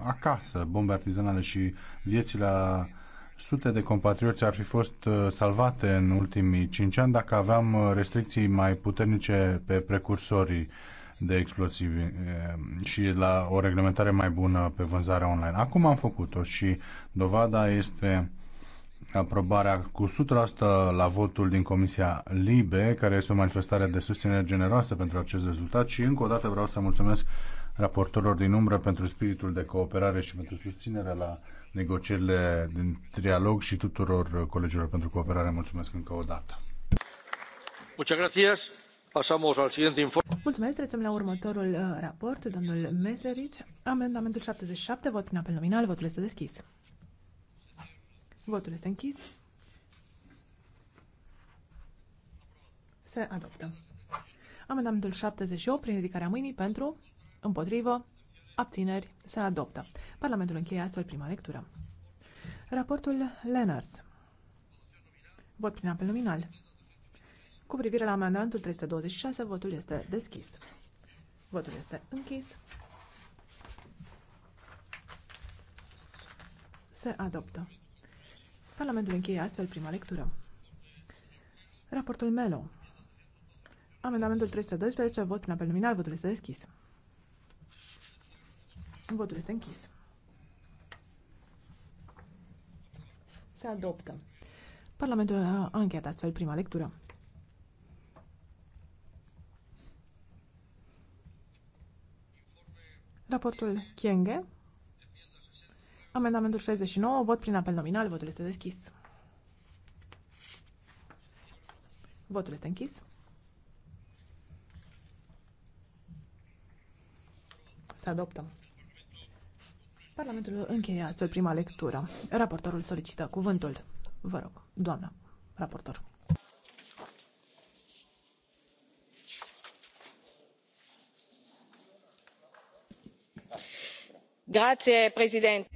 acasă, bombe artizanale și viețile a sute de compatrioți ar fi fost uh, salvate în ultimii cinci ani dacă aveam uh, restricții mai puternice pe precursorii de explosivi și la o reglementare mai bună pe vânzarea online. Acum am făcut-o și dovada este aprobarea cu 100% la votul din Comisia Libe, care este o manifestare de susținere generoasă pentru acest rezultat și încă o dată vreau să mulțumesc raportorilor din umbră pentru spiritul de cooperare și pentru susținerea la negocierile din trialog și tuturor colegilor pentru cooperare. Mulțumesc încă o dată. Mulțumesc. Mulțumesc. Trecem la următorul uh, raport, domnul Meserici. Amendamentul 77, vot prin apel nominal, votul este deschis. Votul este închis. Se adoptă. Amendamentul 78 prin ridicarea mâinii pentru, împotrivă, abțineri, se adoptă. Parlamentul încheie astfel prima lectură. Raportul Lenars. Vot prin apel nominal. Cu privire la amendamentul 326, votul este deschis. Votul este închis. Se adoptă. Parlamentul încheie astfel prima lectură. Raportul Melo. Amendamentul 312, vot prin apel nominal, votul este deschis. Votul este închis. Se adoptă. Parlamentul a încheiat astfel prima lectură. Raportul Kienge. Amendamentul 69, vot prin apel nominal, votul este deschis. Votul este închis. Se adoptă. Parlamentul încheie astfel prima lectură. Raportorul solicită cuvântul. Vă rog, doamna raportor. Grazie, președinte.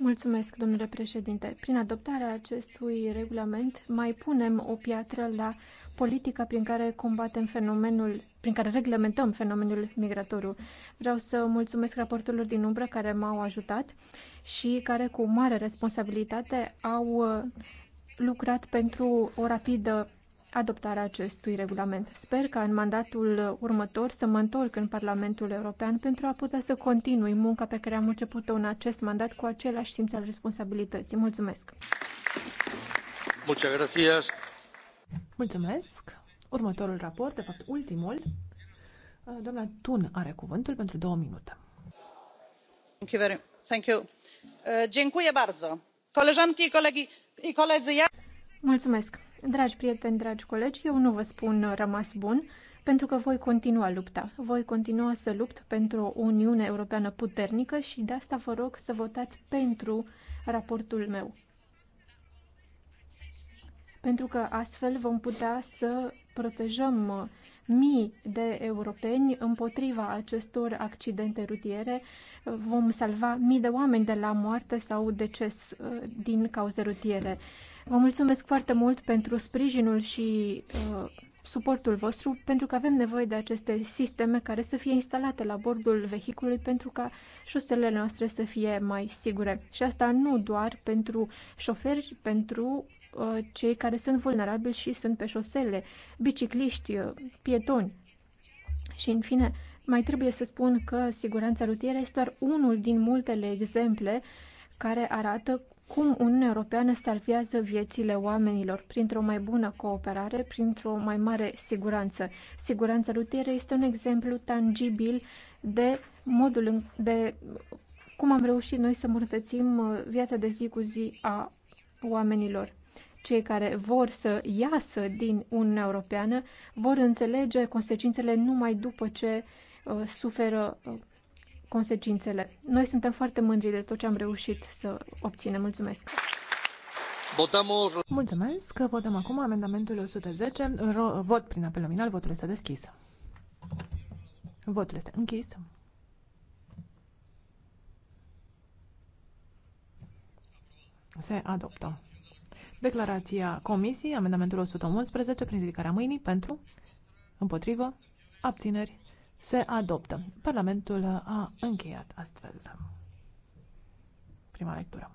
Mulțumesc, domnule președinte. Prin adoptarea acestui regulament mai punem o piatră la politica prin care combatem fenomenul, prin care reglementăm fenomenul migratoriu. Vreau să mulțumesc raportorilor din umbră care m-au ajutat și care cu mare responsabilitate au uh, lucrat pentru o rapidă adoptarea acestui regulament. Sper ca în mandatul următor să mă întorc în Parlamentul European pentru a putea să continui munca pe care am început-o în acest mandat cu același simț al responsabilității. Mulțumesc! Mulțumesc! Următorul raport, de fapt ultimul, doamna Tun are cuvântul pentru două minute. Thank you very, thank you. Uh, dziękuję bardzo. Koleżanki i kolegi i koledzy, ja... Mulțumesc! Dragi prieteni, dragi colegi, eu nu vă spun rămas bun, pentru că voi continua lupta. Voi continua să lupt pentru o Uniune Europeană puternică și de asta vă rog să votați pentru raportul meu. Pentru că astfel vom putea să protejăm mii de europeni împotriva acestor accidente rutiere. Vom salva mii de oameni de la moarte sau deces uh, din cauze rutiere. Vă mulțumesc foarte mult pentru sprijinul și uh, suportul vostru, pentru că avem nevoie de aceste sisteme care să fie instalate la bordul vehiculului pentru ca șoselele noastre să fie mai sigure. Și asta nu doar pentru șoferi, pentru uh, cei care sunt vulnerabili și sunt pe șosele, bicicliști, uh, pietoni. Și, în fine, mai trebuie să spun că siguranța rutieră este doar unul din multele exemple care arată cum Uniunea Europeană salvează viețile oamenilor printr-o mai bună cooperare, printr-o mai mare siguranță. Siguranța rutieră este un exemplu tangibil de modul în, de cum am reușit noi să îmbunătățim uh, viața de zi cu zi a oamenilor. Cei care vor să iasă din Uniunea Europeană vor înțelege consecințele numai după ce uh, suferă uh, consecințele. Noi suntem foarte mândri de tot ce am reușit să obținem. Mulțumesc! Mulțumesc că votăm acum amendamentul 110. Ro- vot prin apel nominal. Votul este deschis. Votul este închis. Se adoptă. Declarația Comisiei, amendamentul 111, prin ridicarea mâinii, pentru, împotrivă, abțineri, se adoptă. Parlamentul a încheiat astfel prima lectură.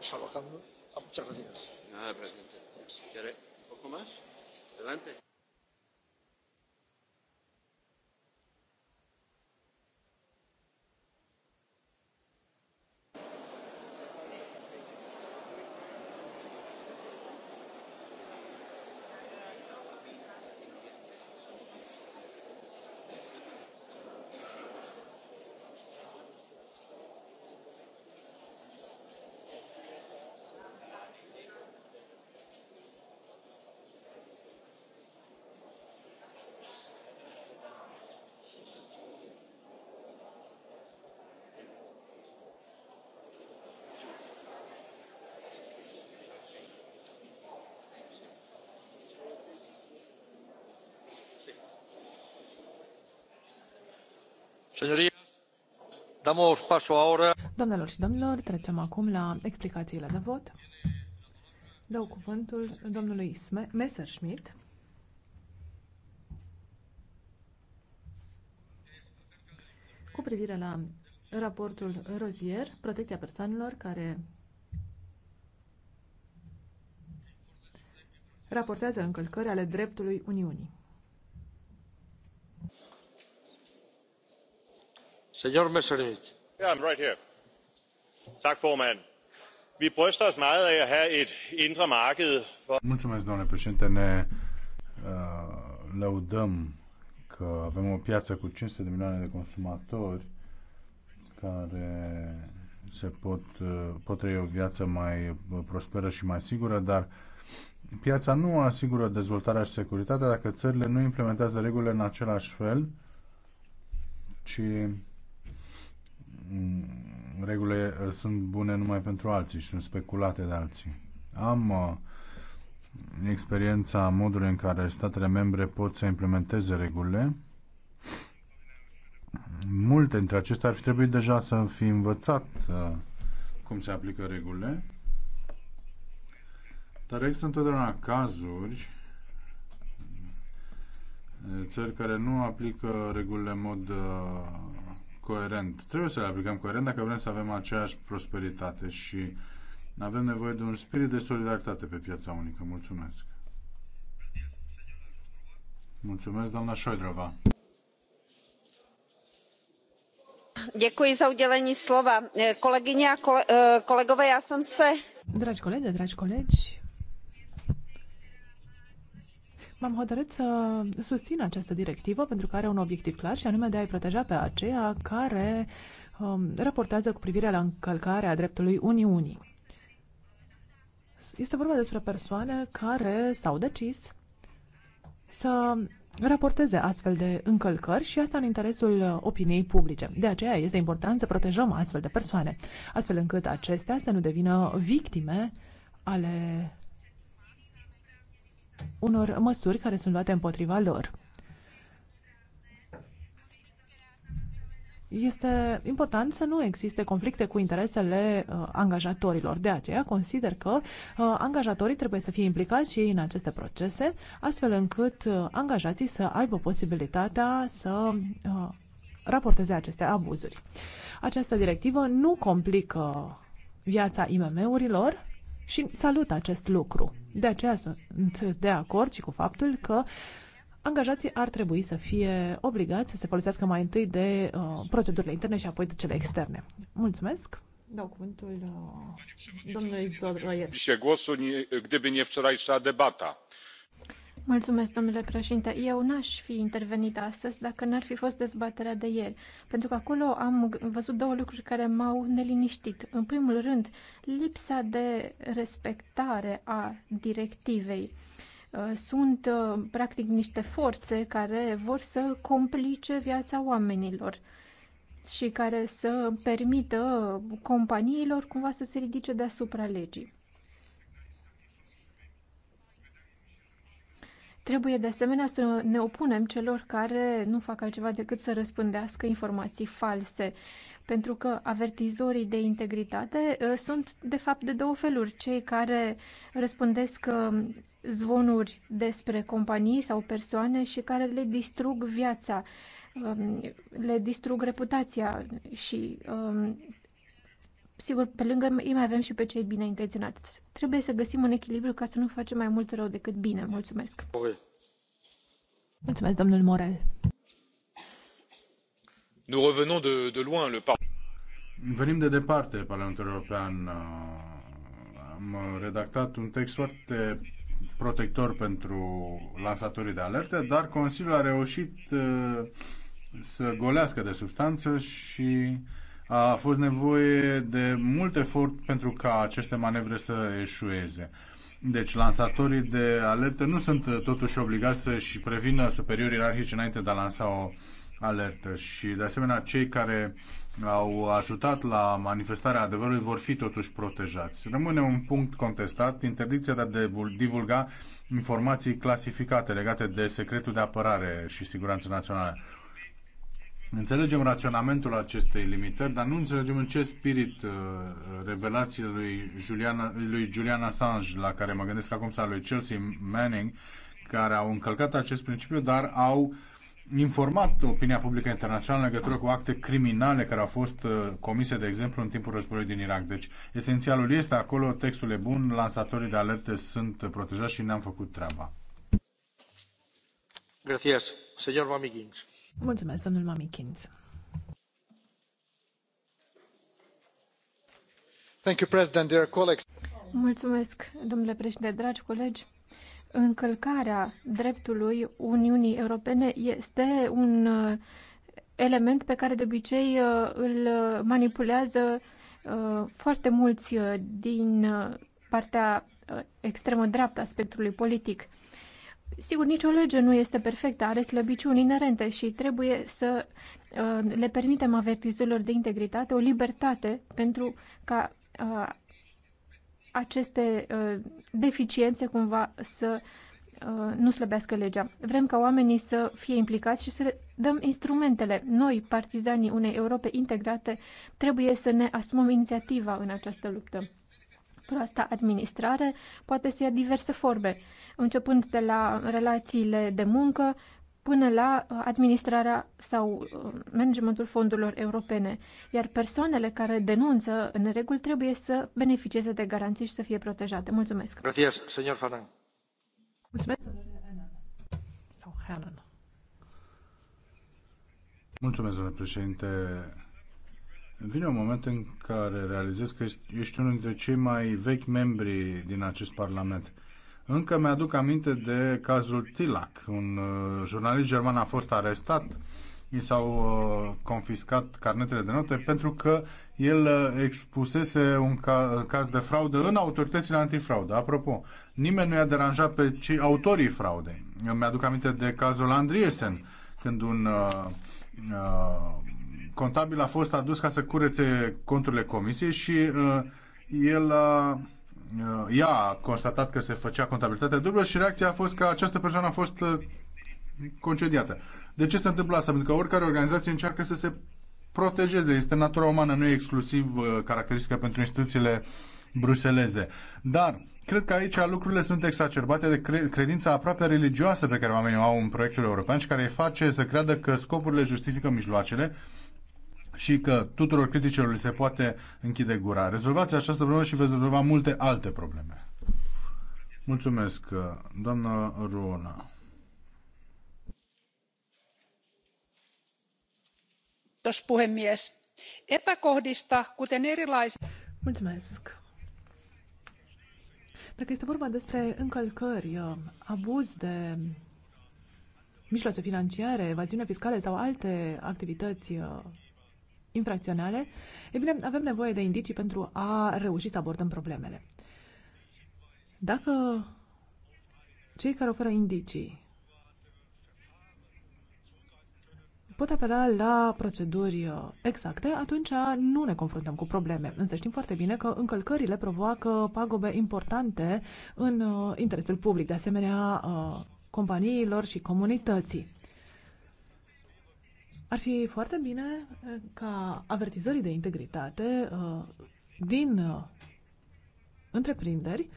trabajando. muchas gracias. Nada, presidente. ¿Un poco Doamnelor și domnilor, trecem acum la explicațiile de vot. Dau cuvântul domnului Messerschmidt. Cu privire la raportul Rozier, protecția persoanelor care raportează încălcări ale dreptului Uniunii. domnule președinte ne uh, lăudăm că avem o piață cu cinci sute de milioane de consumatori care uh, pot trăi o viață mai uh, prosperă și mai sigură, dar piața nu asigură dezvoltarea și securitatea dacă țările nu implementează regulile în același fel, ci Mm, regulile uh, sunt bune numai pentru alții și sunt speculate de alții. Am uh, experiența modului în care statele membre pot să implementeze regulile. Multe dintre acestea ar fi trebuit deja să fi învățat uh, cum se aplică regulile. Dar există întotdeauna cazuri uh, țări care nu aplică regulile în mod uh, coerent. Trebuie să le aplicăm coerent dacă vrem să avem aceeași prosperitate și avem nevoie de un spirit de solidaritate pe piața unică. Mulțumesc! Mulțumesc, doamna Șoidrova! Děkuji za udělení slova. Kolegyně a eh, kolegové, já jsem se... Dragi colegi, dragi colegi, M-am hotărât să susțin această directivă pentru că are un obiectiv clar și anume de a-i proteja pe aceia care um, raportează cu privire la încălcarea dreptului Uniunii. Este vorba despre persoane care s-au decis să raporteze astfel de încălcări și asta în interesul opiniei publice. De aceea este important să protejăm astfel de persoane, astfel încât acestea să nu devină victime ale unor măsuri care sunt luate împotriva lor. Este important să nu existe conflicte cu interesele uh, angajatorilor. De aceea consider că uh, angajatorii trebuie să fie implicați și în aceste procese, astfel încât uh, angajații să aibă posibilitatea să uh, raporteze aceste abuzuri. Această directivă nu complică viața IMM-urilor, și salut acest lucru. De aceea sunt de acord și cu faptul că angajații ar trebui să fie obligați să se folosească mai întâi de uh, procedurile interne și apoi de cele externe. Mulțumesc! Dau cuvântul uh, domnului Zdoroiev. Gdyby nie wczorajsza debata Mulțumesc, domnule președinte. Eu n-aș fi intervenit astăzi dacă n-ar fi fost dezbaterea de ieri, pentru că acolo am văzut două lucruri care m-au neliniștit. În primul rând, lipsa de respectare a directivei. Uh, sunt uh, practic niște forțe care vor să complice viața oamenilor și care să permită companiilor cumva să se ridice deasupra legii. Trebuie de asemenea să ne opunem celor care nu fac altceva decât să răspândească informații false, pentru că avertizorii de integritate ă, sunt de fapt de două feluri, cei care răspândesc ă, zvonuri despre companii sau persoane și care le distrug viața, ă, le distrug reputația și Sigur, pe lângă ei mai avem și pe cei bine intenționați. Trebuie să găsim un echilibru ca să nu facem mai mult rău decât bine. Mulțumesc! Mulțumesc, domnul Morel! Nous revenons de, de loin, le par... Venim de departe, Parlamentul European. Uh, am redactat un text foarte protector pentru lansatorii de alerte, dar Consiliul a reușit uh, să golească de substanță și uh, a fost nevoie de mult efort pentru ca aceste manevre să eșueze. Deci lansatorii de alerte nu sunt totuși obligați să-și prevină superiorii ierarhici înainte de a lansa o alertă și de asemenea cei care au ajutat la manifestarea adevărului vor fi totuși protejați. Rămâne un punct contestat, interdicția de a divulga informații clasificate legate de secretul de apărare și siguranță națională. Înțelegem raționamentul acestei limitări, dar nu înțelegem în ce spirit uh, revelațiile lui Julian, lui Julian Assange, la care mă gândesc acum, sau lui Chelsea Manning, care au încălcat acest principiu, dar au informat opinia publică internațională în legătură cu acte criminale care au fost uh, comise, de exemplu, în timpul războiului din Irak. Deci, esențialul este acolo, textul e bun, lansatorii de alerte sunt protejați și ne-am făcut treaba. mulțumesc, Señor Mamikins. Mulțumesc, domnul Mamikins. Thank you, President, dear colleagues. Mulțumesc, domnule președinte, dragi colegi. Încălcarea dreptului Uniunii Europene este un uh, element pe care de obicei uh, îl manipulează uh, foarte mulți din partea extremă dreaptă a spectrului politic. Sigur, nicio lege nu este perfectă, are slăbiciuni inerente și trebuie să uh, le permitem avertizorilor de integritate o libertate pentru ca uh, aceste uh, deficiențe cumva să uh, nu slăbească legea. Vrem ca oamenii să fie implicați și să dăm instrumentele. Noi, partizanii unei Europe integrate, trebuie să ne asumăm inițiativa în această luptă proasta administrare poate să ia diverse forme, începând de la relațiile de muncă până la uh, administrarea sau uh, managementul fondurilor europene, iar persoanele care denunță în regulă, trebuie să beneficieze de garanții și să fie protejate. Mulțumesc! Gracias, señor Hanan. Mulțumesc! Sau Hanan. Mulțumesc, domnule președinte. Vine un moment în care realizez că ești unul dintre cei mai vechi membri din acest Parlament. Încă mi-aduc aminte de cazul Tilac. Un uh, jurnalist german a fost arestat, i s-au uh, confiscat carnetele de note pentru că el uh, expusese un caz de fraudă în autoritățile antifraudă. Apropo, nimeni nu i-a deranjat pe cei autorii fraudei. Mi-aduc aminte de cazul Andriesen, când un uh, uh, contabil a fost adus ca să curețe conturile comisiei și uh, el a, uh, ea a constatat că se făcea contabilitatea dublă și reacția a fost că această persoană a fost uh, concediată. De ce se întâmplă asta? Pentru că oricare organizație încearcă să se protejeze. Este natura umană, nu e exclusiv uh, caracteristică pentru instituțiile bruseleze. Dar cred că aici lucrurile sunt exacerbate de credința aproape religioasă pe care oamenii o au în proiectul european și care îi face să creadă că scopurile justifică mijloacele și că tuturor criticilor se poate închide gura. Rezolvați această problemă și veți rezolva multe alte probleme. Mulțumesc, doamna Ruona. Kiitos puhemies. Epäkohdista, kuten erilaisista... Mulțumesc. Dacă este vorba despre încălcări, abuz de mijloace financiare, evaziune fiscale sau alte activități infracționale, e bine, avem nevoie de indicii pentru a reuși să abordăm problemele. Dacă cei care oferă indicii pot apela la proceduri uh, exacte, atunci nu ne confruntăm cu probleme. Însă știm foarte bine că încălcările provoacă pagube importante în uh, interesul public, de asemenea uh, companiilor și comunității. Ar fi foarte bine eh, ca avertizorii de integritate eh, din eh, întreprinderi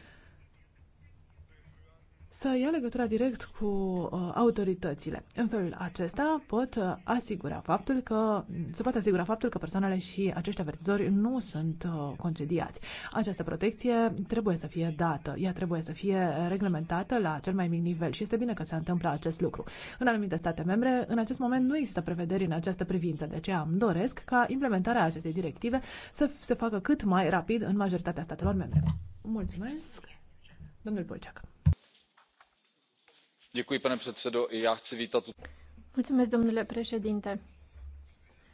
să ia legătura direct cu uh, autoritățile. În felul acesta pot uh, asigura faptul că se poate asigura faptul că persoanele și acești avertizori nu sunt uh, concediați. Această protecție trebuie să fie dată, ea trebuie să fie reglementată la cel mai mic nivel și este bine că se întâmplă acest lucru. În anumite state membre, în acest moment nu există prevederi în această privință, de aceea îmi doresc ca implementarea acestei directive să se facă cât mai rapid în majoritatea statelor membre. Mulțumesc, domnul Polceac pane předsedající să já chci vítat. domnule președinte